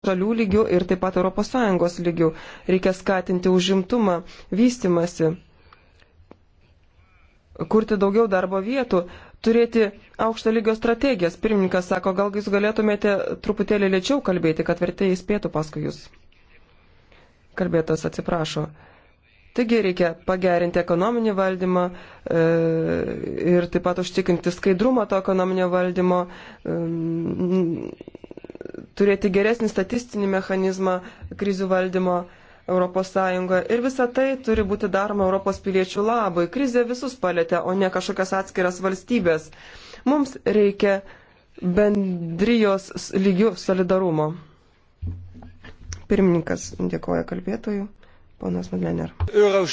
šalių lygių ir taip pat ES lygių. Reikia skatinti užimtumą, vystimasi, kurti daugiau darbo vietų, turėti aukšto lygio strategijas. Pirmininkas sako, gal jūs galėtumėte truputėlį lėčiau kalbėti, kad vertėjai spėtų paskui jūs. Kalbėtas atsiprašo. Taigi reikia pagerinti ekonominį valdymą e, ir taip pat užtikrinti skaidrumą to ekonominio valdymo. E, turėti geresnį statistinį mechanizmą krizių valdymo ES. Ir visa tai turi būti daroma Europos piliečių labui. Krizė visus palėtė, o ne kažkokias atskiras valstybės. Mums reikia bendrijos lygių solidarumo. Pirmininkas dėkoja kalbėtojų, ponas Madlener.